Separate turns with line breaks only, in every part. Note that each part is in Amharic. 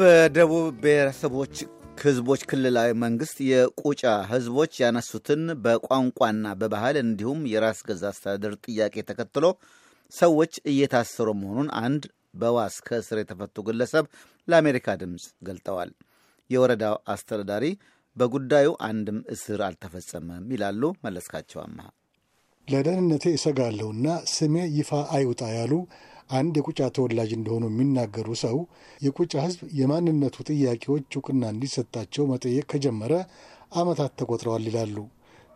በደቡብ ብሔረሰቦች ህዝቦች ክልላዊ መንግስት የቁጫ ህዝቦች ያነሱትን በቋንቋና በባህል እንዲሁም የራስ ገዛ አስተዳደር ጥያቄ ተከትሎ ሰዎች እየታሰሩ መሆኑን አንድ በዋስ ከእስር የተፈቱ ግለሰብ ለአሜሪካ ድምፅ ገልጠዋል። የወረዳው አስተዳዳሪ በጉዳዩ አንድም እስር አልተፈጸመም ይላሉ። መለስካቸው አመሃ
ለደህንነቴ እሰጋለሁና ስሜ ይፋ አይውጣ ያሉ አንድ የቁጫ ተወላጅ እንደሆኑ የሚናገሩ ሰው የቁጫ ሕዝብ የማንነቱ ጥያቄዎች እውቅና እንዲሰጣቸው መጠየቅ ከጀመረ ዓመታት ተቆጥረዋል ይላሉ።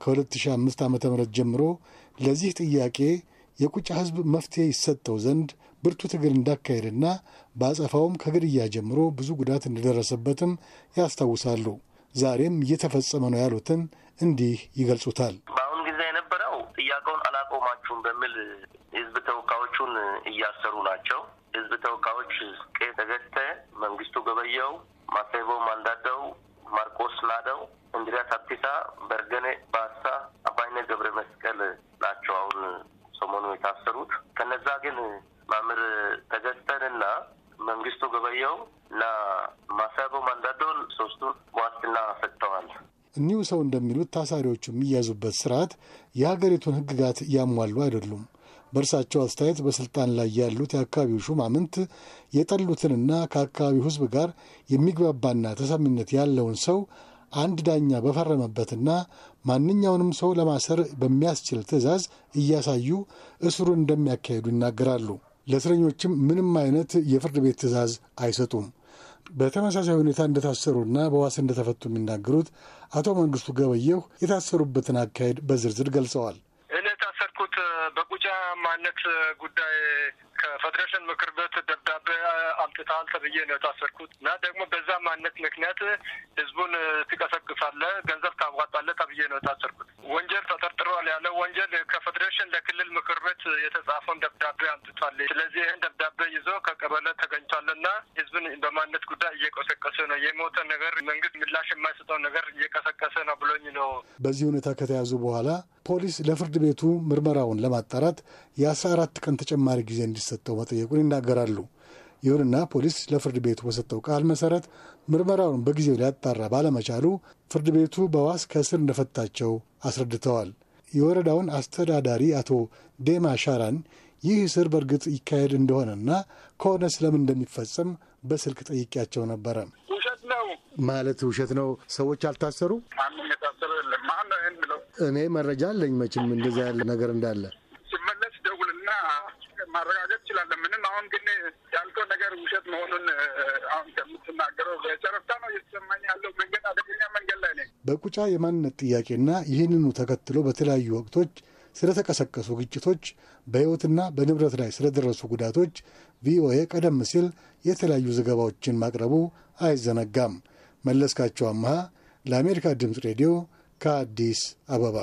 ከ2005 ዓ ም ጀምሮ ለዚህ ጥያቄ የቁጫ ሕዝብ መፍትሄ ይሰጠው ዘንድ ብርቱ ትግል እንዳካሄድና በአጸፋውም ከግድያ ጀምሮ ብዙ ጉዳት እንደደረሰበትም ያስታውሳሉ። ዛሬም እየተፈጸመ ነው ያሉትን እንዲህ ይገልጹታል። አልቆማችሁም በሚል ህዝብ ተወካዮቹን እያሰሩ ናቸው። ህዝብ ተወካዮች ቄ ተገተ፣ መንግስቱ ገበየው፣ ማሴቦ ማንዳደው፣ ማርቆስ ናደው፣ እንድሪያ ታፕቲሳ፣ በርገኔ ባሳ፣ አባይነ ገብረ መስቀል ናቸው አሁን ሰሞኑ የታሰሩት። ከነዛ ግን ማምር ተገተን ተገስተንና መንግስቱ ገበየው እና
ማሳቦ ማንዳዶን ሶስቱን
እኒሁ ሰው እንደሚሉት ታሳሪዎቹ የሚያዙበት ስርዓት የሀገሪቱን ሕግጋት ያሟሉ አይደሉም። በእርሳቸው አስተያየት በስልጣን ላይ ያሉት የአካባቢው ሹማምንት የጠሉትንና ከአካባቢው ሕዝብ ጋር የሚግባባና ተሰሚነት ያለውን ሰው አንድ ዳኛ በፈረመበትና ማንኛውንም ሰው ለማሰር በሚያስችል ትዕዛዝ እያሳዩ እስሩን እንደሚያካሂዱ ይናገራሉ። ለእስረኞችም ምንም አይነት የፍርድ ቤት ትዕዛዝ አይሰጡም። በተመሳሳይ ሁኔታ እንደታሰሩና በዋስ እንደተፈቱ የሚናገሩት አቶ መንግስቱ ገበየሁ የታሰሩበትን አካሄድ በዝርዝር ገልጸዋል። እኔ የታሰርኩት በቁጫ ማነት ጉዳይ ከፌዴሬሽን ምክር ቤት ደብዳቤ አምጥተሃል ተብዬ ነው የታሰርኩት እና ደግሞ በዛ ማነት ምክንያት ህዝቡን ትቀሰቅሳለህ፣ ገንዘብ ታዋጣለህ ተብዬ ነው የታሰርኩት ወንጀል ያለው ወንጀል ከፌዴሬሽን ለክልል ምክር ቤት የተጻፈውን ደብዳቤ አምጥቷል። ስለዚህ ይህን ደብዳቤ ይዞ ከቀበለ ተገኝቷልና ህዝብን በማንነት ጉዳይ እየቀሰቀሰ ነው። የሞተ ነገር መንግስት ምላሽ የማይሰጠው ነገር እየቀሰቀሰ ነው ብሎኝ ነው። በዚህ ሁኔታ ከተያዙ በኋላ ፖሊስ ለፍርድ ቤቱ ምርመራውን ለማጣራት የአስራ አራት ቀን ተጨማሪ ጊዜ እንዲሰጠው መጠየቁን ይናገራሉ። ይሁንና ፖሊስ ለፍርድ ቤቱ በሰጠው ቃል መሰረት ምርመራውን በጊዜው ሊያጣራ ባለመቻሉ ፍርድ ቤቱ በዋስ ከእስር እንደፈታቸው አስረድተዋል። የወረዳውን አስተዳዳሪ አቶ ዴማ ሻራን ይህ እስር በእርግጥ ይካሄድ እንደሆነና ከሆነ ስለምን እንደሚፈጸም በስልክ ጠይቄያቸው ነበረ። ውሸት ነው ማለት ውሸት ነው። ሰዎች አልታሰሩ። እኔ መረጃ አለኝ መቼም እንደዛ ያለ ነገር እንዳለ ሲመለስ
ደውልና ማረጋገጥ ይችላለን። ምንም አሁን ግን ያልከው ነገር ውሸት መሆኑን
አሁን በቁጫ የማንነት ጥያቄና ይህንኑ ተከትሎ በተለያዩ ወቅቶች ስለተቀሰቀሱ ግጭቶች በሕይወትና በንብረት ላይ ስለደረሱ ጉዳቶች ቪኦኤ ቀደም ሲል የተለያዩ ዘገባዎችን ማቅረቡ አይዘነጋም። መለስካቸው አምሃ ለአሜሪካ ድምፅ ሬዲዮ ከአዲስ አበባ